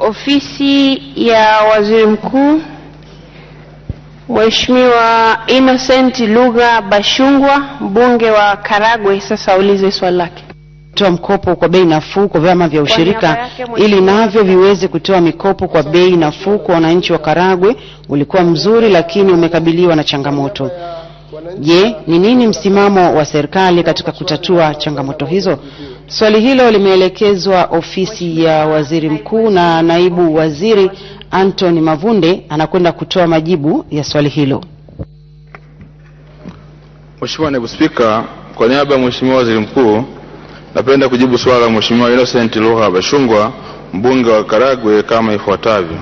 Ofisi ya Waziri Mkuu Mheshimiwa Innocent Lugha Bashungwa, mbunge wa Karagwe, sasa aulize swali lake. Toa mkopo kwa bei nafuu kwa vyama vya ushirika ili navyo viweze kutoa mikopo kwa bei nafuu kwa wananchi wa Karagwe ulikuwa mzuri, lakini umekabiliwa na changamoto. Je, ni nini msimamo wa serikali katika kutatua changamoto hizo? Swali hilo limeelekezwa ofisi ya waziri mkuu na naibu waziri Anthony Mavunde anakwenda kutoa majibu ya swali hilo. Mheshimiwa Naibu Spika, kwa niaba ya Mheshimiwa Waziri Mkuu napenda kujibu swala la Mheshimiwa Innocent Lugha Bashungwa mbunge wa Karagwe kama ifuatavyo.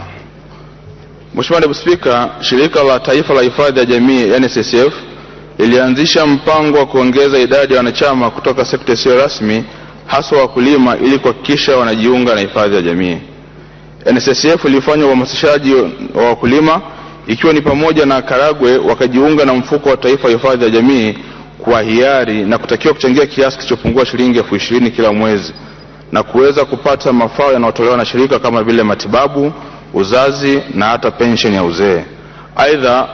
Mheshimiwa Naibu Spika, shirika la taifa la hifadhi ya jamii yani NSSF lilianzisha mpango wa kuongeza idadi ya wanachama kutoka sekta isiyo rasmi hasa wakulima ili kuhakikisha wanajiunga na hifadhi ya jamii. NSSF ilifanya uhamasishaji wa wakulima ikiwa ni pamoja na Karagwe wakajiunga na mfuko wa taifa wa hifadhi ya jamii kwa hiari na kutakiwa kuchangia kiasi kilichopungua shilingi elfu ishirini kila mwezi na kuweza kupata mafao yanayotolewa na shirika kama vile matibabu, uzazi na hata pensheni ya uzee. Aidha,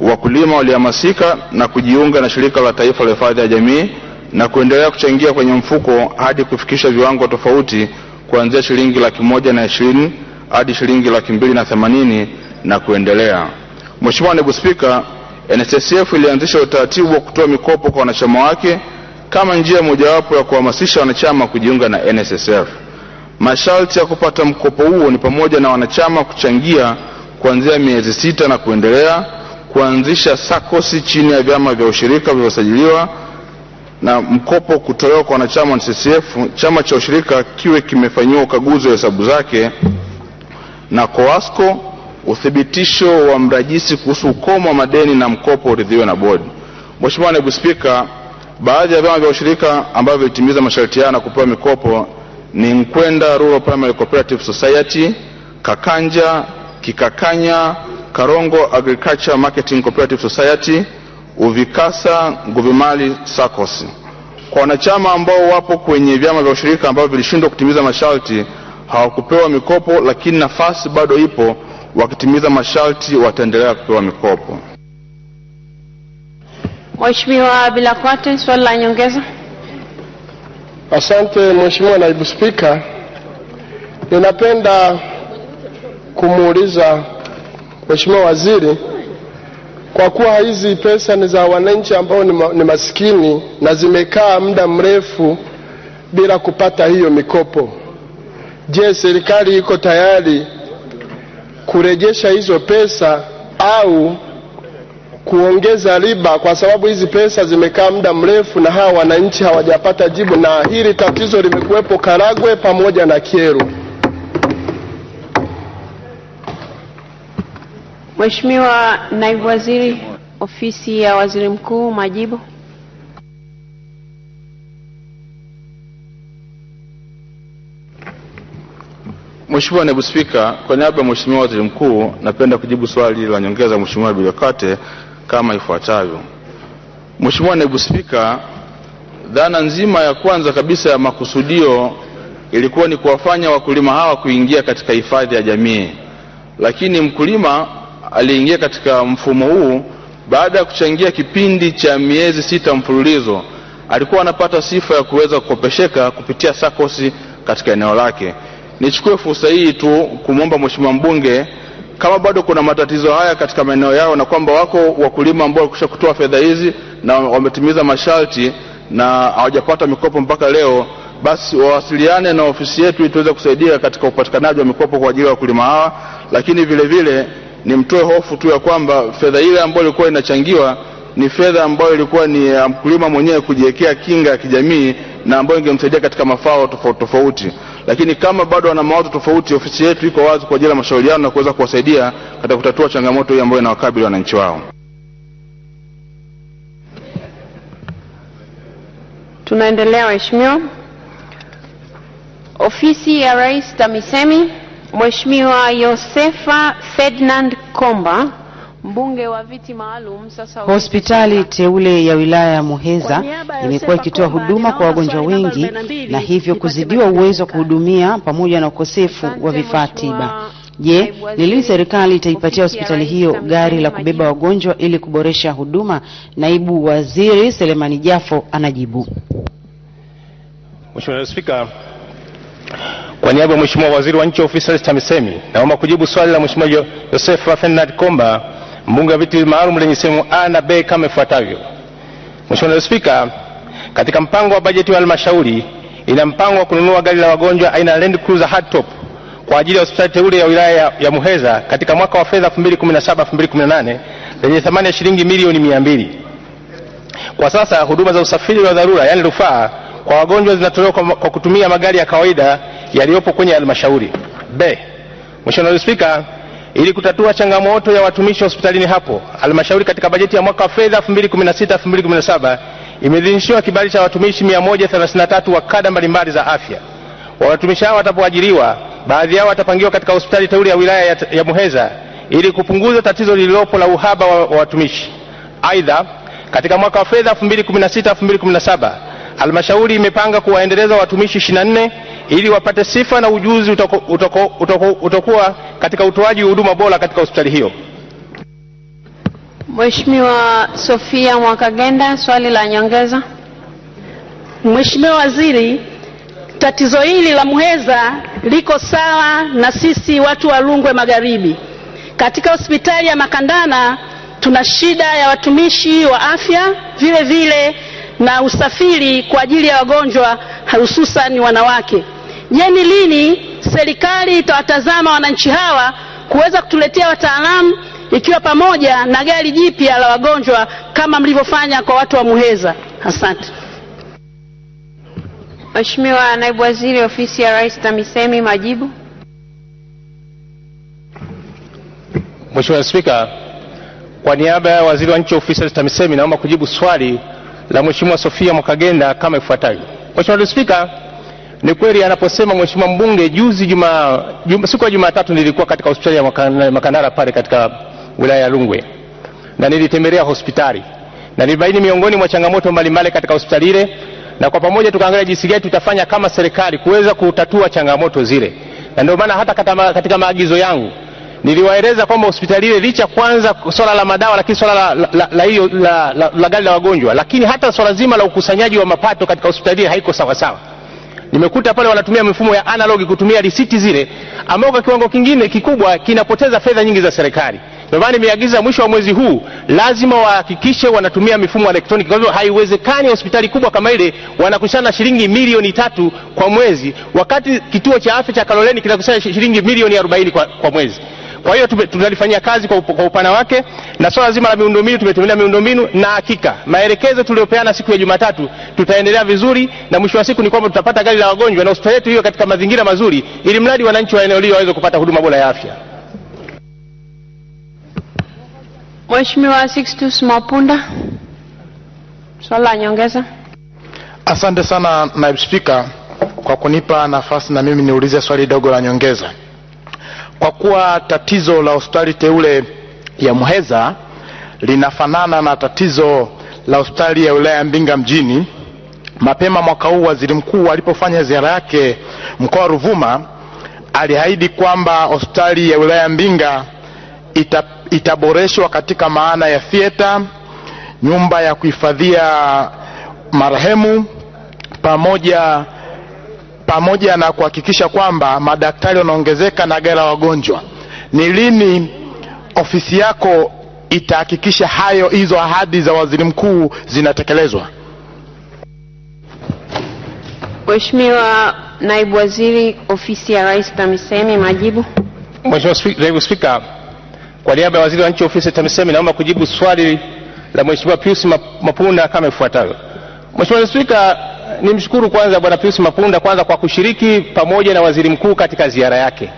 wakulima walihamasika na kujiunga na shirika la taifa la hifadhi ya jamii na kuendelea kuchangia kwenye mfuko hadi kufikisha viwango tofauti kuanzia shilingi laki moja na ishirini hadi shilingi laki mbili na themanini na kuendelea. Mheshimiwa Naibu Spika, NSSF ilianzisha utaratibu wa kutoa mikopo kwa wanachama wake kama njia mojawapo ya kuhamasisha wanachama kujiunga na NSSF. Masharti ya kupata mkopo huo ni pamoja na wanachama kuchangia kuanzia miezi sita na kuendelea, kuanzisha sakosi chini ya vyama vya ushirika vilivyosajiliwa na mkopo kutolewa kwa wanachama wa NCCF, chama cha ushirika kiwe kimefanyiwa ukaguzi wa hesabu zake na COASCO uthibitisho wa mrajisi kuhusu ukomo wa madeni na mkopo uridhiwe na bodi. Mheshimiwa Naibu Spika, baadhi ya vyama vya ushirika ambavyo vilitimiza masharti haya na kupewa mikopo ni Nkwenda Rural Primary Cooperative Society, Kakanja, Kikakanya, Karongo Agriculture Marketing Cooperative Society Uvikasa Nguvimali SACCOS. Kwa wanachama ambao wapo kwenye vyama vya ushirika ambavyo vilishindwa kutimiza masharti hawakupewa mikopo, lakini nafasi bado ipo. Wakitimiza masharti wataendelea kupewa mikopo. Mheshimiwa Bilakwate, swali la nyongeza. Asante Mheshimiwa Naibu Spika, ninapenda kumuuliza Mheshimiwa Waziri kwa kuwa hizi pesa ni za wananchi ambao ni, ma, ni masikini na zimekaa muda mrefu bila kupata hiyo mikopo. Je, serikali iko tayari kurejesha hizo pesa au kuongeza riba, kwa sababu hizi pesa zimekaa muda mrefu na hawa wananchi hawajapata jibu, na hili tatizo limekuwepo Karagwe pamoja na kieru Mheshimiwa Naibu Waziri, Ofisi ya Waziri Mkuu, majibu. Mheshimiwa Naibu Spika, kwa niaba ya Mheshimiwa Waziri Mkuu, napenda kujibu swali la nyongeza Mheshimiwa Bilokate kama ifuatavyo. Mheshimiwa Naibu Spika, dhana nzima ya kwanza kabisa ya makusudio ilikuwa ni kuwafanya wakulima hawa kuingia katika hifadhi ya jamii, lakini mkulima aliingia katika mfumo huu baada ya kuchangia kipindi cha miezi sita mfululizo. Alikuwa anapata sifa ya kuweza kukopesheka kupitia sakosi katika eneo lake. Nichukue fursa hii tu kumwomba mheshimiwa mbunge kama bado kuna matatizo haya katika maeneo yao, na kwamba wako wakulima ambao walikwisha kutoa fedha hizi na wametimiza masharti na hawajapata mikopo mpaka leo, basi wawasiliane na ofisi yetu ili tuweze kusaidia katika upatikanaji wa mikopo kwa ajili ya wakulima hawa, lakini vilevile vile, nimtoe hofu tu ya kwamba fedha ile ambayo ilikuwa inachangiwa ni fedha ambayo ilikuwa ni ya mkulima mwenyewe kujiwekea kinga ya kijamii na ambayo ingemsaidia katika mafao tofauti tofauti. Lakini kama bado wana mawazo tofauti, ofisi yetu iko wazi kwa ajili ya mashauriano na kuweza kuwasaidia katika kutatua changamoto hii ambayo inawakabili wananchi wao. Tunaendelea waheshimiwa. Ofisi ya Rais TAMISEMI Mheshimiwa Yosefa Ferdinand Komba mbunge wa viti maalum. Sasa hospitali teule ya wilaya ya Muheza imekuwa ikitoa huduma kwa wagonjwa wengi na hivyo kuzidiwa uwezo wa kuhudumia pamoja na ukosefu wa vifaa tiba. Je, ni lini serikali itaipatia hospitali hiyo gari la kubeba wagonjwa ili kuboresha huduma? Naibu Waziri Selemani Jafo anajibu. Mheshimiwa Spika, kwa niaba ya Mheshimiwa Waziri wa Nchi Ofisi ya TAMISEMI, naomba kujibu swali la Mheshimiwa Yosefa Fernand Komba, mbunge wa viti maalum lenye sehemu A na B kama ifuatavyo. Mheshimiwa Naibu Spika, katika mpango wa bajeti wa halmashauri ina mpango wa kununua gari la wagonjwa aina ya Land Cruiser hardtop kwa ajili ya hospitali teule ya wilaya ya, ya Muheza katika mwaka wa fedha 2017-2018 lenye thamani ya shilingi milioni 200. Kwa sasa huduma za usafiri wa dharura yani rufaa kwa wagonjwa zinatolewa kwa kutumia magari ya kawaida yaliyopo kwenye halmashauri. B. Mheshimiwa Spika, ili kutatua changamoto ya watumishi wa hospitalini hapo, halmashauri katika bajeti ya mwaka wa fedha 2016 2017 imeidhinishiwa kibali cha watumishi 133 wa kada mbalimbali za afya. Watumishi hao watapoajiriwa, baadhi yao watapangiwa katika hospitali teule ya wilaya ya, ya Muheza ili kupunguza tatizo lililopo la uhaba wa, wa watumishi. Aidha, katika mwaka wa fedha 2016 2017 Halmashauri imepanga kuwaendeleza watumishi nne ili wapate sifa na ujuzi utakuwa katika utoaji huduma bora katika hospitali hiyo. Mheshimiwa Sofia Mwakagenda, swali la nyongeza. Mheshimiwa Waziri, tatizo hili la Muheza liko sawa na sisi watu wa Rungwe Magharibi. Katika hospitali ya Makandana tuna shida ya watumishi wa afya, vile vile na usafiri kwa ajili ya wagonjwa hususan wanawake. Je, ni yaani lini serikali itawatazama wananchi hawa kuweza kutuletea wataalamu ikiwa pamoja na gari jipya la wagonjwa kama mlivyofanya kwa watu wa Muheza? Asante. Mheshimiwa Naibu Waziri Ofisi ya Rais TAMISEMI, majibu. Mheshimiwa Spika, kwa niaba ya Waziri wa Nchi Ofisi ya Rais TAMISEMI naomba kujibu swali la Mheshimiwa Sofia Mwakagenda kama ifuatavyo. Mheshimiwa Naibu Spika, ni kweli anaposema Mheshimiwa mbunge juzi juma, juma, siku ya Jumatatu nilikuwa katika hospitali ya Makandara pale katika wilaya ya Rungwe na nilitembelea hospitali na nilibaini miongoni mwa changamoto mbalimbali katika hospitali ile, na kwa pamoja tukaangalia jinsi gani tutafanya kama serikali kuweza kutatua changamoto zile, na ndio maana hata katika maagizo yangu Niliwaeleza kwamba hospitali ile licha kwanza swala la madawa, lakini swala la, hiyo la, la, hiyo, la, la, la gari la wagonjwa, lakini hata swala zima la ukusanyaji wa mapato katika hospitali ile haiko sawa sawa. Nimekuta pale wanatumia mifumo ya analog kutumia risiti zile, ambao kwa kiwango kingine kikubwa kinapoteza fedha nyingi za serikali. Ndio maana nimeagiza mwisho wa mwezi huu lazima wahakikishe wanatumia mifumo elektroniki. Kwa hivyo haiwezekani hospitali kubwa kama ile wanakusanya shilingi milioni tatu kwa mwezi, wakati kituo cha afya cha Kaloleni kinakusanya shilingi milioni arobaini kwa, kwa mwezi. Kwa hiyo tunalifanyia kazi kwa, kwa upana wake, na swala zima la miundombinu tumetembelea miundombinu, na hakika maelekezo tuliyopeana siku ya Jumatatu tutaendelea vizuri, na mwisho wa siku ni kwamba tutapata gari la wagonjwa na hospitali yetu hiyo katika mazingira mazuri, ili mradi wananchi wa eneo hilo waweze kupata huduma bora ya afya. Mheshimiwa Sixtus Mapunda, swali la nyongeza. Asante sana naibu Spika kwa kunipa nafasi na mimi niulize swali dogo la nyongeza. Kwa kuwa tatizo la hospitali teule ya Muheza linafanana na tatizo la hospitali ya wilaya ya Mbinga mjini, mapema mwaka huu waziri mkuu alipofanya ziara yake mkoa wa Ruvuma aliahidi kwamba hospitali ya wilaya ya Mbinga ita, itaboreshwa katika maana ya thieta, nyumba ya kuhifadhia marehemu pamoja pamoja na kuhakikisha kwamba madaktari wanaongezeka na gara wagonjwa. Ni lini ofisi yako itahakikisha hayo hizo ahadi za waziri mkuu zinatekelezwa? Mheshimiwa Naibu Waziri Ofisi ya Rais TAMISEMI, majibu. Mheshimiwa Naibu Spika, kwa niaba ya Waziri wa Nchi Ofisi ya TAMISEMI naomba kujibu swali la Mheshimiwa Pius Mapunda kama ifuatavyo. Mheshimiwa Spika, nimshukuru kwanza Bwana Pius Mapunda kwanza kwa kushiriki pamoja na Waziri Mkuu katika ziara yake,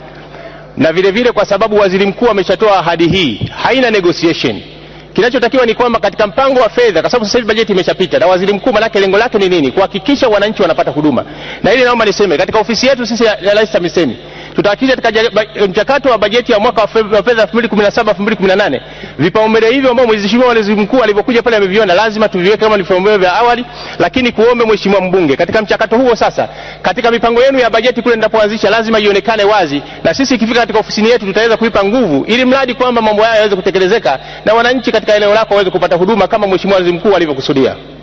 na vile vile kwa sababu Waziri Mkuu ameshatoa ahadi hii, haina negotiation. Kinachotakiwa ni kwamba katika mpango wa fedha, kwa sababu sasa hivi bajeti imeshapita, na waziri mkuu manake lengo lake ni nini? Kuhakikisha wananchi wanapata huduma. Na hili naomba niseme, katika ofisi yetu sisi ya Rais TAMISEMI tutaakisi katika mchakato wa bajeti ya mwaka wa fedha 2017 2018 vipaumbele hivyo ambao waziri mkuu alivyokuja pale ameviona, lazima tuviweke kama vipaumbele vya awali, lakini kuombe mheshimiwa mbunge katika mchakato huo sasa, katika mipango yenu ya bajeti kule ndapoanzisha, lazima ionekane wazi, na sisi ikifika katika ofisini yetu tutaweza kuipa nguvu, ili mradi kwamba mambo haya yaweze kutekelezeka na wananchi katika eneo lako waweze kupata huduma kama mheshimiwa waziri mkuu alivyokusudia.